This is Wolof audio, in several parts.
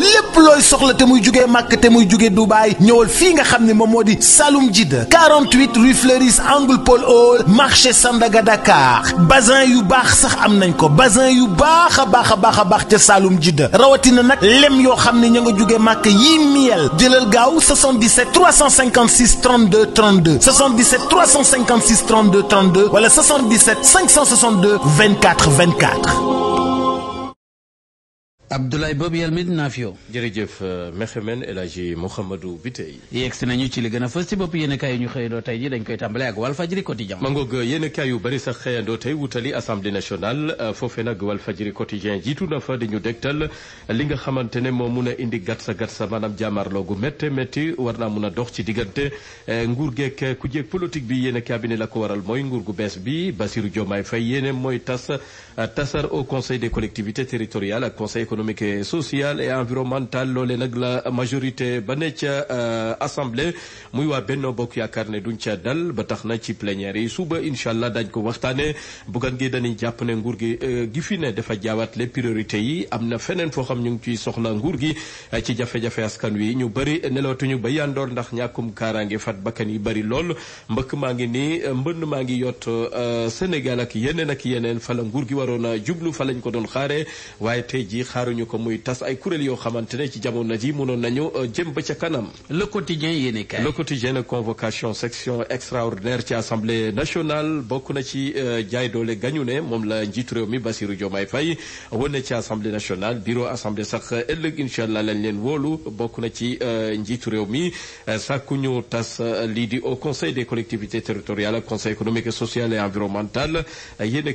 lépp looy soxla te muy jugee màkk te muy jugee Dubaay ñëwal fii nga xam ne moom moo di Saloum Jidda 48 rue Fleuris angle Paul Hall marché Sandaga Dakar basin yu baax sax am nañ ko basin yu baax a baax a baax a baax ca Saloum Jidda rawatina nag lem yoo xam ne ña nga jugee màkk yii miel jëlal gaaw 77 356 32 32 77 356 32 32 wala 77 562 24 24. Abdoulaye Bob Yal Médina fi yow. jërëjëf euh, Mekhemen El Hadji Mouhamadou Biteye. yegsi nañu ci li gën a fës ci bopp yéenekaay yu ñu xëyandoo tey ji dañ koy tàmbalee ak Walfadjri Quotidien. mangoog yéenekaay yu bari sax xëyandoo tey wutali assemblée nationale euh, foofee nag Walfadjri Quotidien jiitu na fa di ñu li nga xamante ne mun a indi gatsa gatsa maanaam jaamarloo gu métti métti war naa mun a dox ci diggante euh, nguur geek ku jeeg politique bi yéenekaay bi ne la ko waral mooy nguur gu bees bi Bassirou Diomaye Faye yéene mooy tas tasar au conseil des collectivités territoriales ak conseil économique et sociale et environnementale loole nag la majorité ba ne ca euh, assemblée muy waa benn Bokk Yaakaar ne duñ ca dal ba tax na ci plénière yi suba incha allah dañ ko waxtaane buggan gi dañuy jàpp ne nguur gi euh, gi fi ne dafa jaawatle priorité yi am na feneen foo xam ñu ngi ciy soxla nguur gi euh, ci jafe-jafe askan wi ñu bëri nelawtuñu ba yandoor ndax ñàkkum kaaraange fat bakkan yi bari lool mbëkk maa ngi nii mbënn maa ngi yott Sénégal ak yeneen ak yeneen fa la nguur gi waroon a jublu fa lañ ko doon xaare defuñu ko muy tas ay kuréel yoo xamante ne ci jamono ji mënoon nañu euh, jëm ba ca kanam. le quotidien yéen kaay. le quotidien na convocation section extraordinaire ci assemblée nationale bokk na ci euh, jaay doole gañu ne moom la njiitu réew mi Bassirou Diomaye Faye wane ci assemblée nationale bureau assemblée sax ëllëg incha allah lañ leen wóolu bokk na ci euh, njiitu réew mi sàkkuñu tas lii di au conseil des collectivités territoriales conseil économique et social et environnemental yéen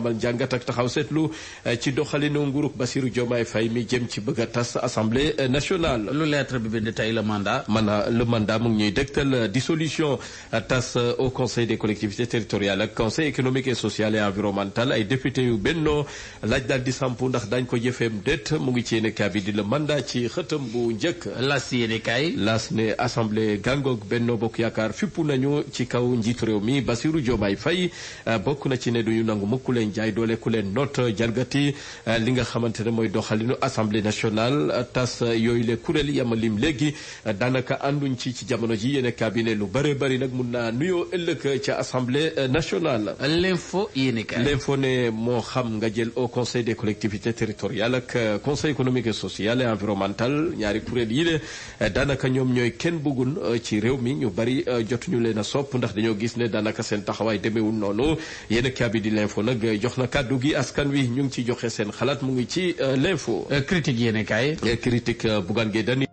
amal jàngat ak taxaw seetlu eh, ci doxalinu nguurug Bassirou Diomaye Faye mi jëm ci bëgg a tas assemblée nationale. lu lettre bi bind tey le mandat. maanaam le mandat mu ngi ñuy dégtal eh, dissolution eh, tas au conseil des collectivités territoriales ak conseil économique et social et environnemental ay député yu bennoo laaj daal di sampu ndax dañ ko jëfeem déet mu ngi ci yéene kaa bi di le mandat ci xëtam bu njëkk. las yéene kaay. las ne assemblée gàngoog bennoo bokk yaakaar fippu nañu ci kaw njiitu réew mi Bassirou Diomaye Faye bokk na ci ne duñu nangu mukk leen jaay doole ku leen noot jalgati eh, li nga xamante ne mooy doxalinu assemblée nationale tas eh, yooyu le kuréel yama lim léegi eh, daanaka ànduñ ci ci jamono ji yéen cabinet lu bëre bari nag mun naa nuyoo ëllëg ca assemblée nationale. l'info foo l'info ne moo xam nga jël o conseil des collectivité territoriales ak conseil économique et social et environnemental ñaari kuréel yi le daanaka ñoom ñooy kenn bëggun ci réew mi ñu bëri jotuñu leen a sopp ndax dañoo gis ne daanaka seen taxawaay demeewul noonu yéen cabinet l'info nag jox na kàddu gi askan wi ñu ngi ci joxe seen xalaat mu ngi ci euh, l'info euh, critique yéene kaay euh, critique Bougane Gueye Dany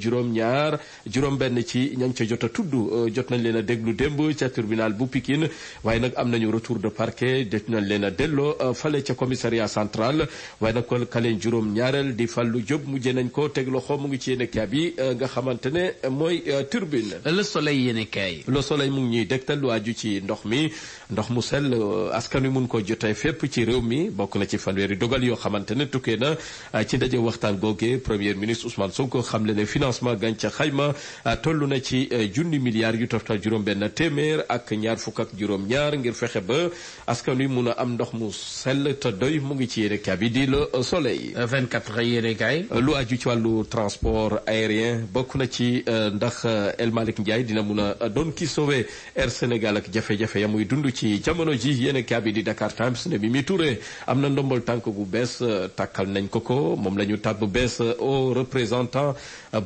juróom ñaar juróom benn ci ñañ ca jot a tudd euh, jot nañ leen a déglu démb ca tribunal bu Pikine waaye nag am nañu retour de parquet jot nañ leen a delloo euh, fale ca commissariat central waaye nag kon kaleen juróom ñaareel di Fallou Diop mujjee nañ ko teg loxo mu ngi ci yéenekaay bi euh, nga xamante ne mooy turbine Le Soleil yéenekaay Le Soleil mu ngi ñuy dégtal lu aju ci ndox mi ndox mu sell askan wi mun ko jotee fépp ci réew mi bokk na ci fanweeri dogal yoo xamante ne tukkee na ci ndaje waxtaan googe premier ministre Ousmane Sonko xamle ne fi financement gàncax xayma ah, toll na ci eh, junni milliards yu toftal juróom-benn téeméer ak ñaar fukk ak juróom-ñaar ngir fexe ba askan wi mun a am ndox mu sell te doy mu ngi ci yéene kaay bi di le soleil. 24 yéene kaay. lu aju ci wàllu transport aérien bokk na ci euh, ndax euh, El Malick Ndiaye dina mun a euh, doon ki sauvé Air Sénégal ak jafe-jafe ya muy dund ci jamono ji yéene kaay bi di Dakar Times ne Mimi Touré am na ndombol tànk gu bees tàkkal nañ ko ko moom lañu ñu tàbb bees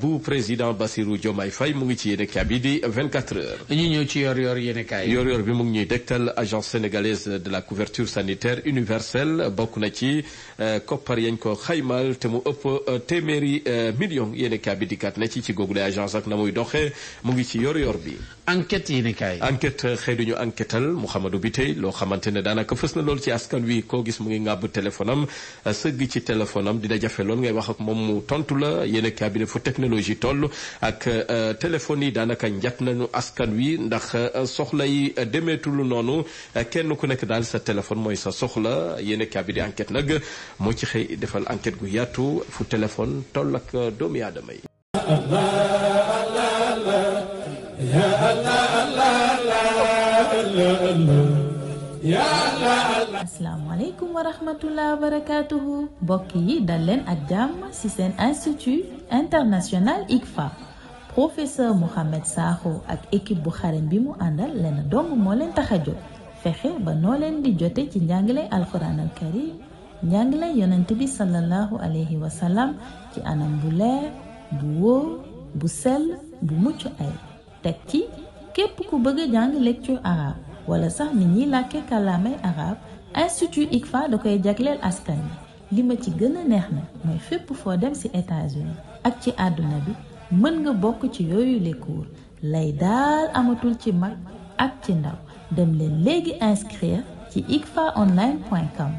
bu président Bassirou Diomaye fay mu ngi ci yéene kaay bi di 24 heures. ñu ñëw ci yor-yor yéene yor bi mu ngi ñuy dégtal agence sénégalaise de la couverture sanitaire universelle bokk na ci euh, koppar yañ ko xaymal te mu ëpp euh, téeméeri euh, million yéene kaay bi dikkaat na ci ci googu agence ak na muy doxee mu ngi ci yor-yor bi. enquête yi ni kaay enquête xëy duñu enquêtal bi tey loo xamante ne daanaka fës na lool ci askan wi koo gis mu ngi ngàbb téléphone sëgg ci téléphone am dina jafe lool ngay wax ak moom mu tontu la yéen a cabinet fu technologie toll ak euh, téléphone yi daanaka njat nañu askan wi ndax euh, soxla yi euh, demeetulu noonu kenn ku nekk daal sa téléphone mooy sa soxla yéen a cabinet enquête nag moo ci xëy defal enquête gu yaatu fu téléphone toll ak doomu aadama yi يا الله الله الله الله يا الله الله asalaamaaleykum mbokk yi dal leen ak jàmm ci seen institut international ICFA professeur Mouhamed Sakho ak équipe bu xarañ bi mu àndal leen dong moo leen tax a jóg fexe ba noo leen di jote ci njàngale alquran al karim njàngale yonent bi sallallahu alayhi wa sallam ci anam bu leer bu wóor bu sell bu mucc ay teg ci képp ku bëgg a jàng lecture arabe wala sax nit ñiy làkkee kàllaamay arabe institut ICFA da koy jagleel askan bi li ma ci gën a neex na mooy fépp foo dem ci États-Unis ak ci àdduna bi mën nga bokk ci yooyu les cours lay daal amatul ci mag ak ci ndaw dem leen léegi inscrire ci icfaonline.com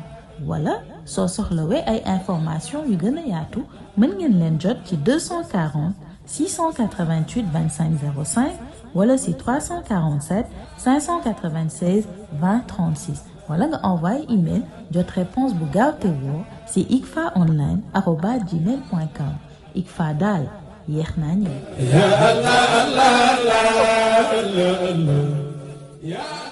wala soo soxla soxlawee ay information yu gën a yaatu mën ngeen leen jot ci 240 688 25 05 wala si 347 email jot réponse bu gaaw te si ikfa online arobas gmail com ikfa daal yéex naa ñëw.